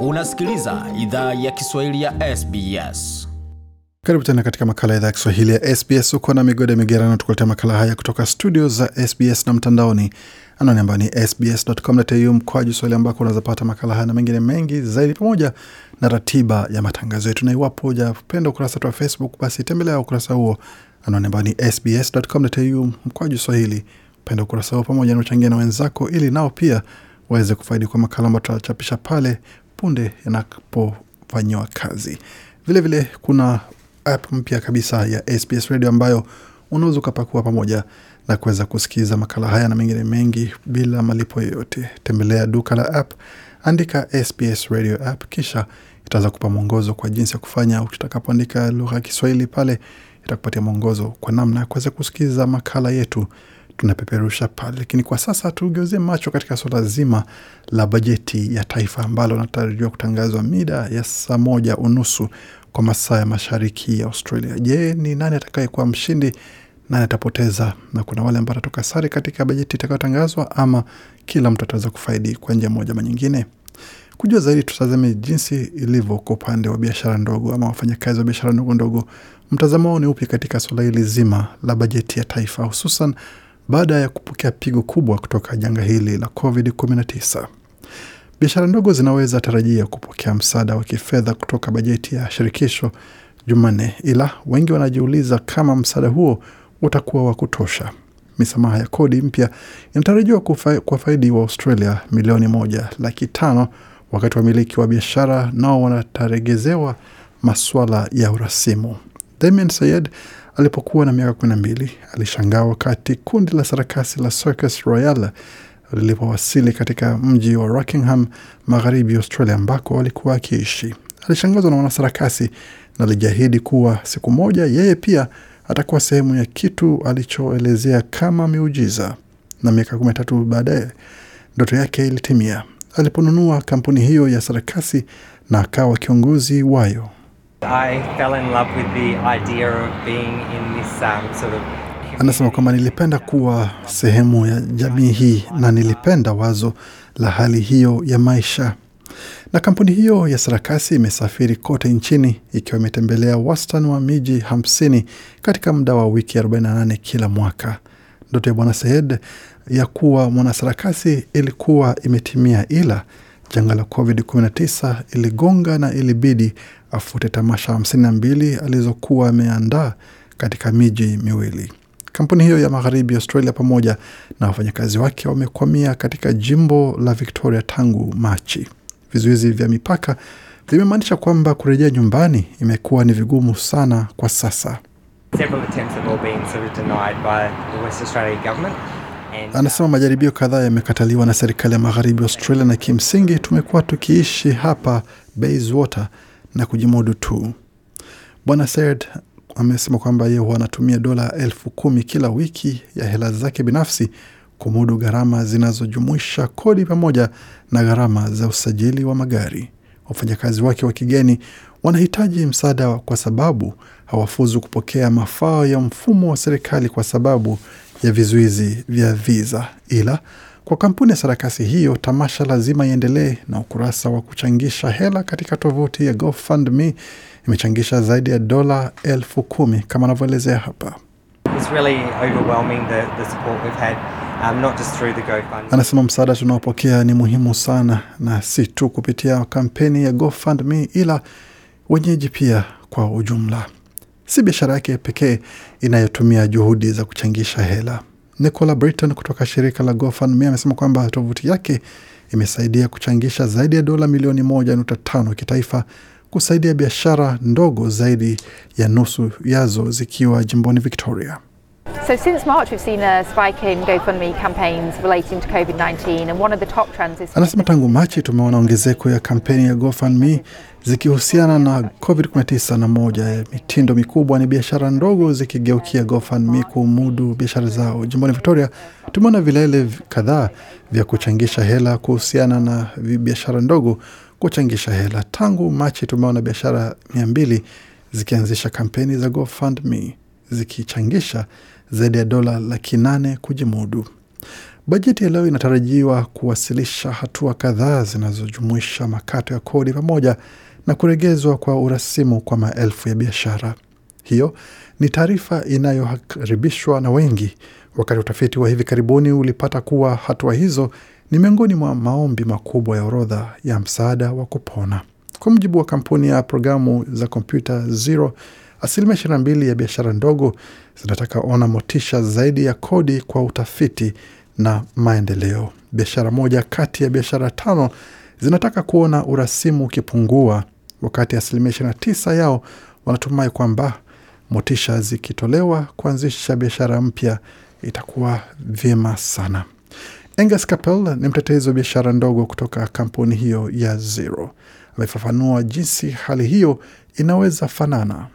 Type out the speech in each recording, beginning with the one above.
Unasikiliza idhaa ya Kiswahili ya SBS. Karibu tena katika makala ya idhaa ya Kiswahili ya SBS. Uko na migode migerano, tukuletea makala haya kutoka studio za SBS na mtandaoni, anwani ambayo ni sbs.com.au mkwaju swahili, ambako unaweza pata makala haya na mengine mengi zaidi, pamoja na ratiba ya matangazo yetu. Na iwapo hujapenda ukurasa wetu wa Facebook, basi tembelea ukurasa huo, anwani ambayo ni sbs.com.au mkwaju swahili. Penda ukurasa huo pamoja na uchangia na wenzako, ili nao pia waweze kufaidi kwa makala ambayo tunachapisha pale punde yanapofanyiwa kazi. vilevile vile kuna app mpya kabisa ya SBS Radio ambayo unaweza ukapakua pamoja na kuweza kusikiza makala haya na mengine mengi bila malipo yoyote. Tembelea duka la app, andika SBS Radio app, kisha itaweza kupa mwongozo kwa jinsi ya kufanya. Utakapoandika lugha ya Kiswahili pale, itakupatia mwongozo kwa namna ya kuweza kusikiza makala yetu tunapeperusha pale. Lakini kwa sasa tugeuzie macho katika suala zima la bajeti ya taifa ambalo natarajiwa kutangazwa mida ya saa moja unusu kwa masaa ya mashariki ya Australia. Je, ni nani atakayekuwa mshindi, nani atapoteza, na kuna wale ambao atatoka sare katika bajeti itakayotangazwa, ama kila mtu ataweza kufaidi kwa njia moja ama nyingine? Kujua zaidi, tutazame jinsi ilivyo kwa upande wa biashara ndogo ama wafanyakazi wa biashara ndogo ndogo. Mtazamo wao ni upi katika suala hili zima la bajeti ya taifa, hususan baada ya kupokea pigo kubwa kutoka janga hili la COVID-19. Biashara ndogo zinaweza tarajia kupokea msaada wa kifedha kutoka bajeti ya shirikisho Jumanne, ila wengi wanajiuliza kama msaada huo utakuwa wa kutosha. Misamaha ya kodi mpya inatarajiwa kuwafaidi wa Australia milioni moja laki tano wakati wamiliki wa biashara nao wanataregezewa masuala ya urasimu. Damian Sayed Alipokuwa na miaka 12 alishangaa wakati kundi la sarakasi la Circus royal lilipowasili katika mji wa Rockingham, magharibi Australia, ambako alikuwa akiishi. Alishangazwa na wanasarakasi na alijahidi kuwa siku moja yeye pia atakuwa sehemu ya kitu alichoelezea kama miujiza. Na miaka kumi na tatu baadaye ndoto yake ilitimia aliponunua kampuni hiyo ya sarakasi na akawa kiongozi wayo. Anasema kwamba nilipenda kuwa sehemu ya jamii hii na nilipenda wazo la hali hiyo ya maisha. Na kampuni hiyo ya sarakasi imesafiri kote nchini ikiwa imetembelea wastan wa miji 50 katika muda wa wiki 48 kila mwaka. Ndoto ya Bwana Said ya kuwa mwanasarakasi ilikuwa imetimia, ila janga la COVID-19 iligonga na ilibidi afute tamasha 52 alizokuwa ameandaa katika miji miwili. Kampuni hiyo ya magharibi Australia pamoja na wafanyakazi wake wamekwamia katika jimbo la Victoria tangu Machi. Vizuizi vya mipaka vimemaanisha kwamba kurejea nyumbani imekuwa ni vigumu sana kwa sasa. Uh, Anasema majaribio kadhaa yamekataliwa na serikali ya magharibi Australia, na kimsingi tumekuwa tukiishi hapa Bayswater na kujimudu tu. Bwana Said amesema kwamba yeye huwa anatumia dola elfu kumi kila wiki ya hela zake binafsi kumudu gharama zinazojumuisha kodi pamoja na gharama za usajili wa magari. Wafanyakazi wake wa kigeni wanahitaji msaada kwa sababu hawafuzu kupokea mafao ya mfumo wa serikali kwa sababu ya vizuizi vya viza, ila kwa kampuni ya sarakasi hiyo, tamasha lazima iendelee, na ukurasa wa kuchangisha hela katika tovuti ya GoFundMe imechangisha zaidi ya dola elfu kumi kama anavyoelezea hapa. um, anasema msaada tunaopokea ni muhimu sana, na si tu kupitia kampeni ya GoFundMe ila wenyeji pia kwa ujumla. Si biashara yake pekee inayotumia juhudi za kuchangisha hela. Nicola Britton kutoka shirika la GoFundMe amesema kwamba tovuti yake imesaidia kuchangisha zaidi ya dola milioni moja nukta tano kitaifa kusaidia biashara ndogo zaidi ya nusu yazo zikiwa jimboni Victoria. So since March we've seen a spike in GoFundMe campaigns relating to COVID-19 and one of the top trends is... Anasema tangu Machi tumeona ongezeko ya kampeni ya GoFundMe zikihusiana na COVID-19 na moja ya mitindo mikubwa ni biashara ndogo zikigeukia GoFundMe kumudu biashara zao. Jimboni Victoria tumeona vilele kadhaa vya kuchangisha hela kuhusiana na biashara ndogo kuchangisha hela. Tangu Machi tumeona biashara mia mbili zikianzisha kampeni za GoFundMe zikichangisha zaidi ya dola laki nane kujimudu. Bajeti ya leo inatarajiwa kuwasilisha hatua kadhaa zinazojumuisha makato ya kodi pamoja na kuregezwa kwa urasimu kwa maelfu ya biashara. Hiyo ni taarifa inayokaribishwa na wengi, wakati utafiti wa hivi karibuni ulipata kuwa hatua hizo ni miongoni mwa maombi makubwa ya orodha ya msaada wa kupona. Kwa mujibu wa kampuni ya programu za kompyuta Zero Asilimia 22 ya biashara ndogo zinataka ona motisha zaidi ya kodi kwa utafiti na maendeleo. Biashara moja kati ya biashara tano zinataka kuona urasimu ukipungua, wakati asilimia 29 yao wanatumai kwamba motisha zikitolewa kuanzisha biashara mpya itakuwa vyema sana. Angus Capel ni mtetezi wa biashara ndogo kutoka kampuni hiyo ya Zero. Amefafanua jinsi hali hiyo inaweza fanana.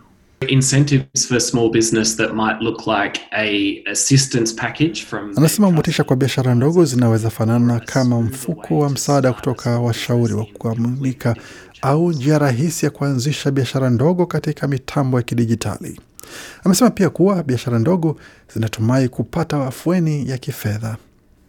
Anasema motisha kwa biashara ndogo zinaweza fanana kama mfuko wa msaada kutoka washauri wa kuaminika au njia rahisi ya kuanzisha biashara ndogo katika mitambo ya kidijitali. Amesema pia kuwa biashara ndogo zinatumai kupata afueni ya kifedha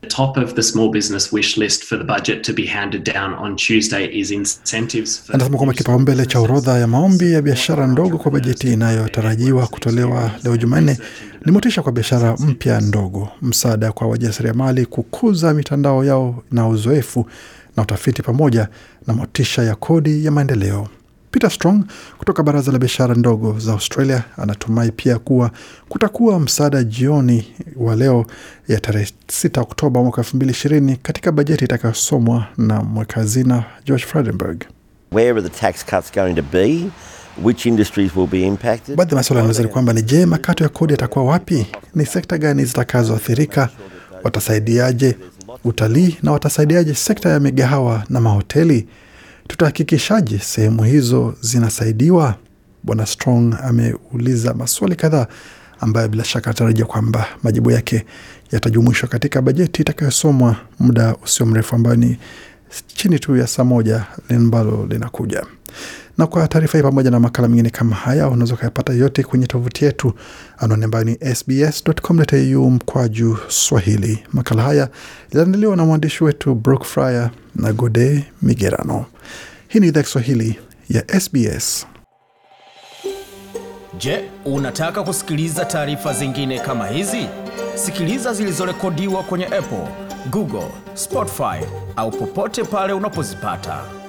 top of the small business wish list for the budget to be handed down on Tuesday is incentives. Anasema kwamba kipaumbele cha orodha ya maombi ya biashara ndogo kwa bajeti inayotarajiwa kutolewa leo Jumanne ni motisha kwa biashara mpya ndogo, msaada kwa wajasiriamali kukuza mitandao yao na uzoefu na utafiti, pamoja na motisha ya kodi ya maendeleo. Peter Strong kutoka baraza la biashara ndogo za Australia anatumai pia kuwa kutakuwa msaada jioni wa leo ya tarehe 6 Oktoba mwaka 2020 katika bajeti itakayosomwa na mweka hazina George Frydenberg. Baadhi ya maswala yanaweza ni kwamba ni je, makato ya kodi yatakuwa wapi? Ni sekta gani zitakazoathirika? Watasaidiaje utalii na watasaidiaje sekta ya migahawa na mahoteli? tutahakikishaje sehemu hizo zinasaidiwa? Bwana Strong ameuliza maswali kadhaa ambayo bila shaka anatarajia kwamba majibu yake yatajumuishwa katika bajeti itakayosomwa muda usio mrefu, ambayo ni chini tu ya saa moja ambalo linakuja. Na kwa taarifa hii pamoja na makala mengine kama haya unaweza ukayapata yote kwenye tovuti yetu, anaone ambayo ni sbs.com.au mkwaju Swahili. Makala haya yaliandaliwa na mwandishi wetu Brooke Fryer na Gode Migerano. Hii ni idhaa Kiswahili ya SBS. Je, unataka kusikiliza taarifa zingine kama hizi? Sikiliza zilizorekodiwa kwenye Apple, Google, Spotify au popote pale unapozipata.